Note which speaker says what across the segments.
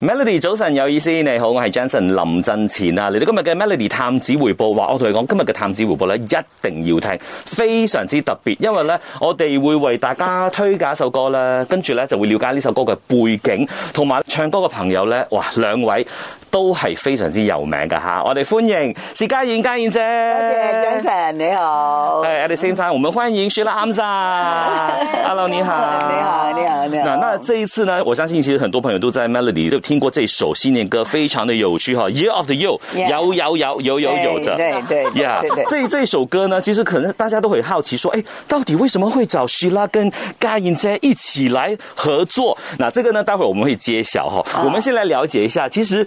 Speaker 1: Melody 早晨有意思，你好，我係 Jason 林振前啊！嚟到今日嘅 Melody 探子回報話，我同你講今日嘅探子回報咧，一定要聽，非常之特別，因為咧，我哋會為大家推介一首歌咧，跟住咧就會了解呢首歌嘅背景，同埋唱歌嘅朋友咧，哇，兩位。都係非常之有名噶吓，我哋歡迎薛家燕，家燕姐，多謝早晨，你好。誒，at the same time，我們歡迎 Shila Amzah，Hello，你好，你好，你好，你好。那那這一次呢，我相信其實很多朋友都在 Melody 都聽過這首新年歌，非常的有趣哈，Year of the You，有有有有有有的，對對，Yeah。這這首歌呢，其實可能大家都很好奇，說誒，到底為什麼會找 Shila 跟家燕姐一起來合作？那這個呢，待會我們會揭曉哈。我們先來了解一下，其實。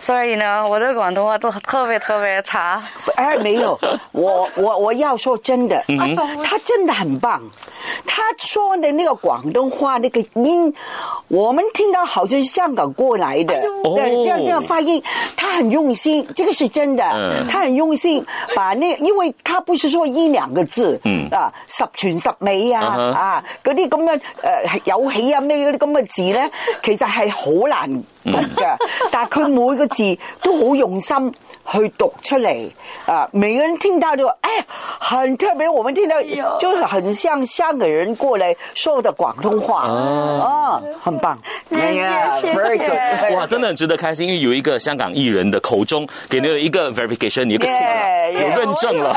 Speaker 2: 所以呢，我的廣東話都特別特別差。哎，
Speaker 3: 沒有，我我我要說真的、啊，他真的很棒，他說的那個廣東話那個音，我們聽到好像是香港過來的，哎、喲對，這樣這樣發音，他很用心，這個是真的，嗯、他很用心把那，因為他不是說一兩個字，嗯啊，十全十美呀，啊，嗰啲咁嘅誒有喜啊咩嗰啲咁嘅字呢，其實係好難。但係佢每個字都好用心去讀出嚟。啊、呃，每個人聽到就，哎，很特別，我們聽到，就很像香港人過來說的廣東話，啊、哦哦，很棒。哇，yeah, 謝謝
Speaker 1: wow, 真的很值得開心，因為有一個香港藝人的口中，給你了一個 verification，一個 yeah, yeah, 有認證了。